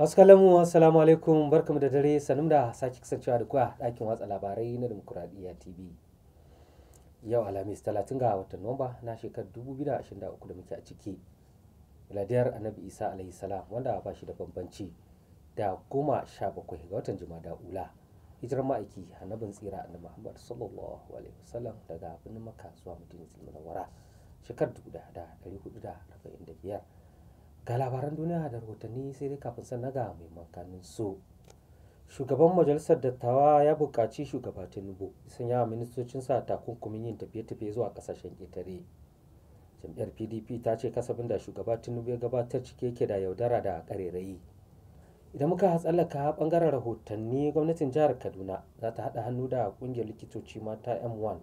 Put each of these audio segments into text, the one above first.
masu kalamu assalamu alaikum barkamu da dare sanum da sake kasancewa da kuwa ɗakin watsa labarai na demokuraɗiyya tv yau alhamis talatin ga watan nuwamba na shekarar 2023 da muke a ciki ladiyar annabi isa alayhi salam wanda ba shi da bambanci da goma sha bakwai ga watan jumada ula hijirar ma'aiki annabin tsira annabi muhammad sallallahu alaihi wasallam daga birnin maka zuwa madinatul munawwara shekarar biyar. ga labaran duniya da rahotanni sai dai kafin sana ga mai makanin su shugaban majalisar dattawa ya buƙaci shugaba tinubu sun yawa ministocin sa takunkumin yin tafiye-tafiye zuwa ƙasashen ƙetare jam'iyyar pdp ta ce kasafin da shugaba tinubu ya gabatar cike yake da yaudara da ƙarerayi idan muka tsallaka ɓangaren rahotanni gwamnatin jihar kaduna za ta haɗa hannu da ƙungiyar likitoci mata m1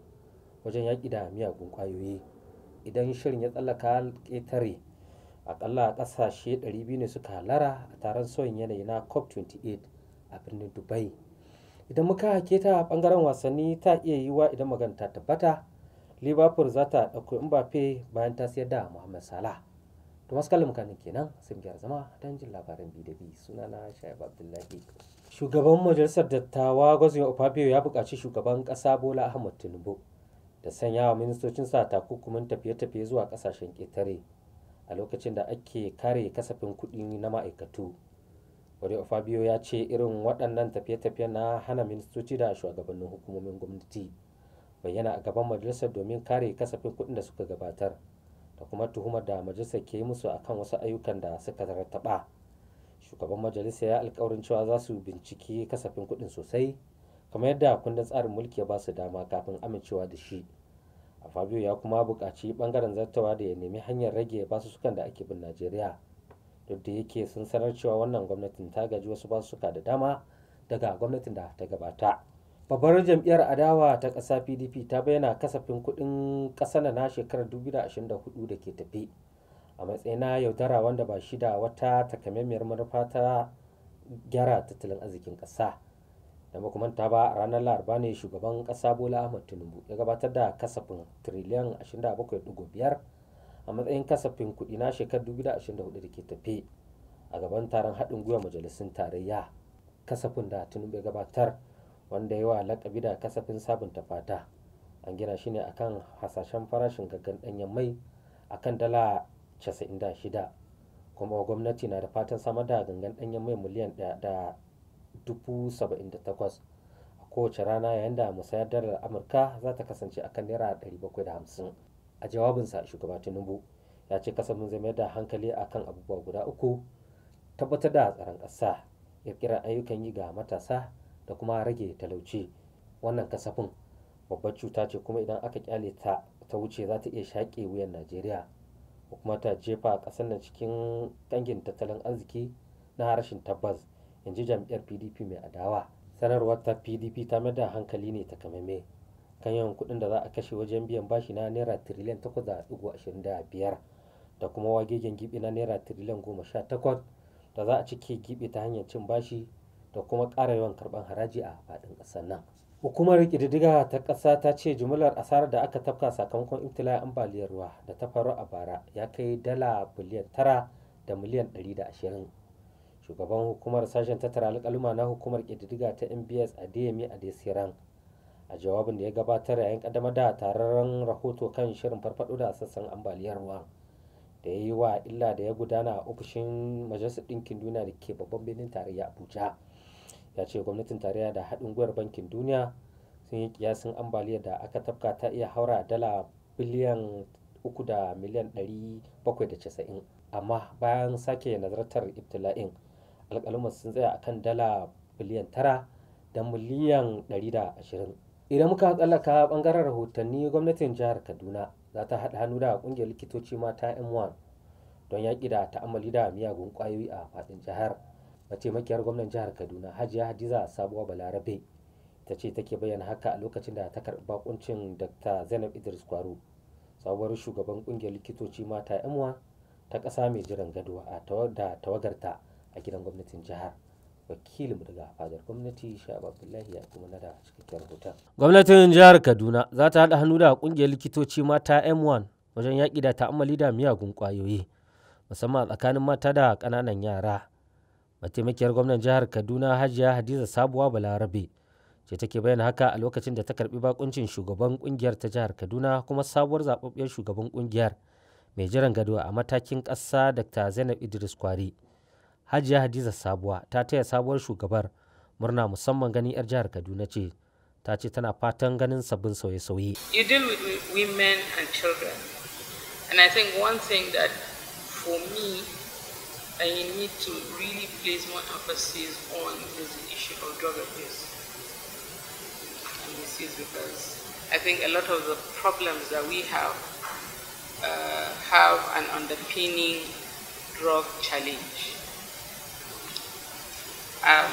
wajen yaƙi da miyagun ƙwayoyi idan shirin ya tsallaka ƙetare akalla kasashe 200 ne suka halara a taron sauyin yanayi na cop 28 a birnin dubai idan muka hake ta bangaren wasanni ta iya yiwa idan maganta tabbata liverpool za ta ɗauko mbappe bayan ta sayar da muhammad salah to masu kallon mukanin kenan sun biyar zama don jin labaran bi da biyu suna na shaib abdullahi shugaban majalisar dattawa gwazin opapio ya buƙaci shugaban ƙasa bola ahmad tinubu da sanya wa ministocinsa takunkumin tafiye-tafiye zuwa ƙasashen ƙetare a lokacin da ake kare kasafin kuɗi na ma'aikatu Oreo Fabio ya ce irin waɗannan tafiye-tafiye na hana ministoci da shugabannin hukumomin gwamnati bayyana a gaban majalisar domin kare kasafin kuɗin da suka gabatar da kuma tuhumar da majalisar ke yi musu akan wasu ayyukan da suka rattaba shugaban majalisa ya alkawarin cewa za su binciki kasafin kuɗin sosai kamar yadda kundin tsarin mulki ya ba su dama kafin amincewa da shi fabio ya kuma buƙaci ɓangaren zartawa da ya nemi hanyar rage basussukan da ake bin najeriya duk da yake sun sanar cewa wannan gwamnatin ta gaji wasu basussuka da dama daga gwamnatin da ta gabata babbar jam'iyyar adawa ta ƙasa pdp ta bayyana kasafin kuɗin ƙasa na shekarar 2024 da ke tafi a matsayina yaudara wanda ba shi da wata takamaimiyar manufa ta gyara tattalin arzikin ƙasa da makamanta ba ranar laraba ne shugaban kasa bola ahmad tinubu ya gabatar da kasafin tiriliyan 27.5 a matsayin kasafin kudi na shekarar 2024 da ke tafe a gaban taron haɗin gwiwa majalisun tarayya kasafin da tinubu ya gabatar wanda yawa lakabi da kasafin sabunta fata an gina shi ne akan hasashen farashin gaggan danyen mai akan dala 96 kuma gwamnati na da fatan samar da gangan danyen mai miliyan da 78,000 a kowace rana yayin da musayar dalar amurka za ta kasance akan naira 750 a jawabinsa shugaba tinubu ya ce kasar mun zama da hankali akan abubuwa guda uku tabbatar da tsaron ƙasa ƙirƙirar ayyukan yi ga matasa da kuma rage talauci wannan kasafin babbar cuta ce kuma idan aka kyale ta ta wuce za ta iya shaƙe wuyan najeriya kuma ta jefa ƙasar nan cikin ƙangin tattalin arziki na rashin tabbas in ji jam'iyyar pdp mai adawa sanarwar ta pdp ta da hankali ne takamaimai kan yawan kuɗin da za a kashe wajen biyan bashi na naira tiriliyan 8.25 da kuma wagegen gibi na naira tiriliyan 18 da za a cike gibi ta hanyar cin bashi da kuma ƙara yawan karɓar haraji a faɗin ƙasar nan hukumar ƙididdiga ta ƙasa ta ce jumlar asarar da aka tafka sakamakon ibtila'in ambaliyar ruwa da ta faru a bara ya kai dala biliyan tara da miliyan ɗari da ashirin shugaban hukumar sashen tattara alkaluma na hukumar kididiga ta mbs a dmi a desiran a jawabin da ya gabatar yayin kaddamar da tararren rahoto kan shirin farfado da sassan ambaliyar ruwa da ya yi wa illa da ya gudana a ofishin majalisar ɗinkin duniya da ke babban birnin tarayya abuja ya ce gwamnatin tarayya da haɗin gwiwar bankin duniya sun yi kiyasin ambaliyar da aka tafka ta iya haura dala biliyan uku da miliyan casa'in amma bayan sake nazartar ibtila'in alkalumar sun tsaya akan dala biliyan tara da miliyan ɗari da ashirin idan muka tsallaka ɓangaren rahotanni gwamnatin jihar kaduna za ta haɗa hannu da ƙungiyar likitoci mata m1 don yaƙi da ta'amali da miyagun ƙwayoyi a faɗin jihar mataimakiyar gwamnan jihar kaduna hajiya hadiza sabuwa balarabe ta ce take bayyana haka a lokacin da ta karɓi bakuncin dr zainab idris kwaro sabuwar shugaban ƙungiyar likitoci mata m1 ta ƙasa mai jiran gado a da tawagarta a gidan gwamnatin jihar wakilinmu daga fadar gwamnati sha'ab abdullahi ya kuma nada cikakken rahoton gwamnatin jihar kaduna za ta haɗa hannu da ƙungiyar likitoci mata m1 wajen yaƙi da ta'ammali da miyagun ƙwayoyi musamman a tsakanin mata da ƙananan yara mataimakiyar gwamnan jihar kaduna hajiya hadiza sabuwa balarabe ce take bayyana haka a lokacin da ta karɓi bakuncin shugaban ƙungiyar ta jihar kaduna kuma sabuwar zababbiyar shugaban ƙungiyar mai jiran gado a matakin ƙasa dr zainab idris kwari hajiya hadiza sabuwa ta taya sabuwar shugabar murna musamman gani 'yar jihar kaduna ce ta ce tana fatan ganin sabbin sauye-sauye you deal with women and children and i think one thing that for me I need to really place more emphasis on is the issue of drug abuse and is because I think a lot of the problems that we have uh, have an underpinning drug challenge. Um,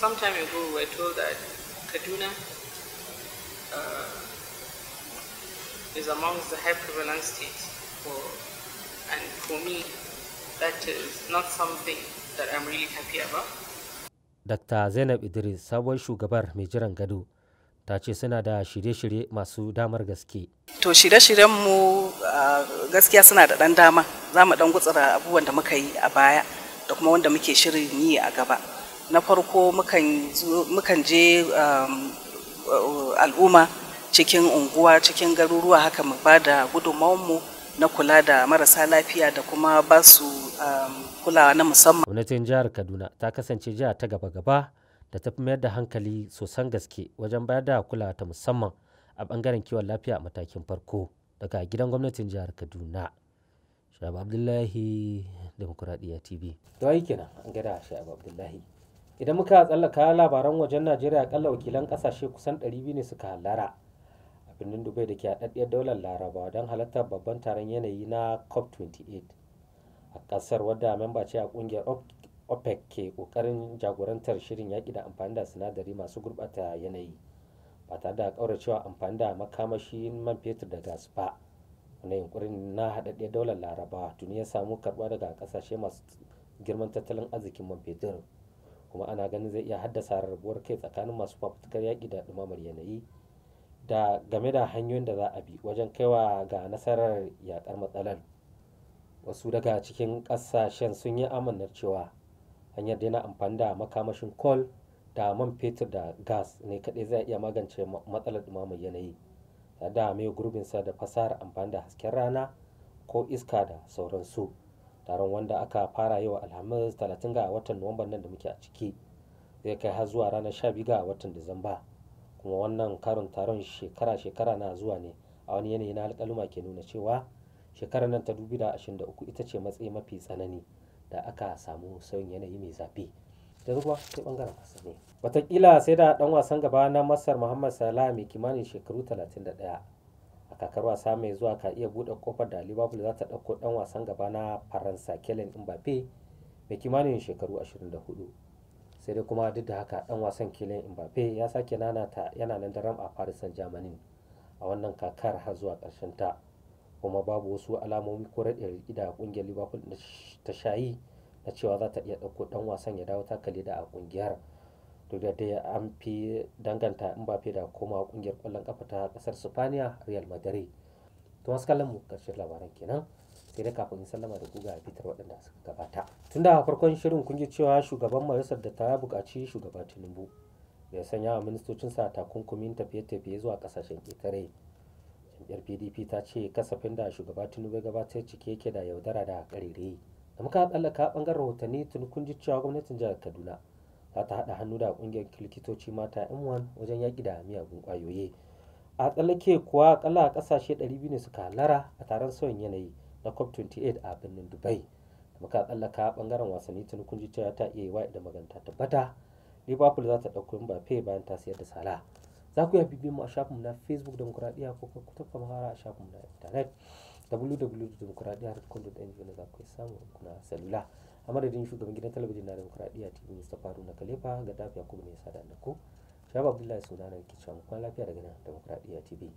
some time ago, we were told that Kaduna uh, is amongst the high prevalence states, for, and for me, that is not something that I'm really happy about. Dr. Zainab Idris, sabon shugabar mai jiran gado, ta ce suna da shirye-shirye masu damar gaske. To shirye-shiryen mu uh, gaskiya suna da ɗan dama za mu ɗan gutsura abubuwan da muka yi a baya. da kuma wanda muke shirin yi a gaba na farko mukan je um, al'umma cikin unguwa cikin garuruwa haka mu ba da mu na kula da marasa lafiya da kuma ba su um, kulawa na musamman gwamnatin jihar kaduna ta kasance jiha ta gaba-gaba da ta fi mayar da hankali sosan gaske wajen bayar da kulawa ta musamman a bangaren kiwon lafiya matakin farko daga gidan gwamnatin jihar kaduna shabu abdullahi demokuraɗiyya tv da kenan an gada shi abdullahi idan muka tsallaka labaran wajen najeriya akalla wakilan kasashe kusan 200 ne suka halara a birnin dubai da ke haɗaɗɗiyar daular laraba don halartar babban taron yanayi na cop 28 a ƙasar wadda memba ce a kungiyar opec ke ƙoƙarin jagorantar shirin yaƙi da amfani da sinadari masu gurɓata yanayi ba tare da ƙauracewa amfani da makamashin man fetur da gas ba wani yunkurin na haɗaɗɗiyar daular laraba tuni ya samu karɓa daga ƙasashe masu girman tattalin arzikin man fetur kuma ana ganin zai iya haddasa rarrabuwar kai tsakanin masu fafutukar yaƙi da ɗumamar yanayi da game da hanyoyin da za a bi wajen kaiwa ga nasarar yaƙar matsalar wasu daga cikin ƙasashen sun yi amannar cewa hanyar daina amfani da makamashin kol da man fetur da gas ne kaɗai zai iya magance matsalar ɗumamar yanayi da mai gurbinsa da fasahar amfani da hasken rana ko iska da sauransu taron wanda aka fara yau alhamis 30 ga watan nuwamban nan da muke a ciki zai kai har zuwa ranar 12 ga watan disamba kuma wannan karin taron shekara-shekara na zuwa ne a wani yanayi na alƙaluma ke nuna cewa shekarar nan ta 2023 ita ce matsayi mafi tsanani da aka samu sauyin yanayi mai zafi da ruwa sai bangaren watakila sai da dan wasan gaba na masar muhammad salah mai kimanin shekaru 31 a kakar wasa mai zuwa ka iya buɗe kofar da liverpool za ta ɗauko dan wasan gaba na faransa kelen mbappe mai kimanin shekaru 24 sai dai kuma duk da haka dan wasan kelen mbappe ya sake nanata yana nan daram a paris saint germain a wannan kakar har zuwa ƙarshen ta kuma babu wasu alamomi ko raɗe da ƙungiyar liverpool ta shayi na cewa za ta iya ɗauko ɗan wasan ya dawo takali da a ƙungiyar duk da dai an fi danganta in ba fi da koma ƙungiyar ƙwallon ƙafa ta ƙasar spaniya real madrid to wasu kallon mu ƙarshen labaran kenan sai dai kafin sallama da guga a fitar waɗanda suka gabata tun da farkon shirin kun ji cewa shugaban majalisar da ta buƙaci shugaba tinubu da ya sanya wa ministocinsa takunkumin tafiye-tafiye zuwa ƙasashen ƙetare jam'iyyar pdp ta ce kasafin da shugaba tinubu gabatar cike yake da yaudara da ƙarere da muka tsallaka bangaren rahotanni tun kun ji cewa gwamnatin jihar kaduna za ta hada hannu da kungiyar likitoci mata m1 wajen yaki da miyagun kwayoyi. a tsallake kuwa akalla kasashe 200 ne suka halara a taron sauyin yanayi na cop 28 a birnin dubai da muka tsallaka bangaren wasanni tun kun ji cewa ta iya yiwa da maganta tabbata liverpool za ta dauko mbappe bayan ta sayar da sala za ku iya bibiyar mu a shafinmu na facebook demokuraɗiyya ko kuma ku tafa a shafinmu na intanet www.demokuraɗiyya.com.ng wanda za ku samu kuna salula a madadin shugaban gidan talabijin na demokuraɗiyya tv faru na kalefa ga dafi yakubu ne ya sada da ku shaba abdullahi sunana ke cewa lafiya daga nan demokuraɗiyya tv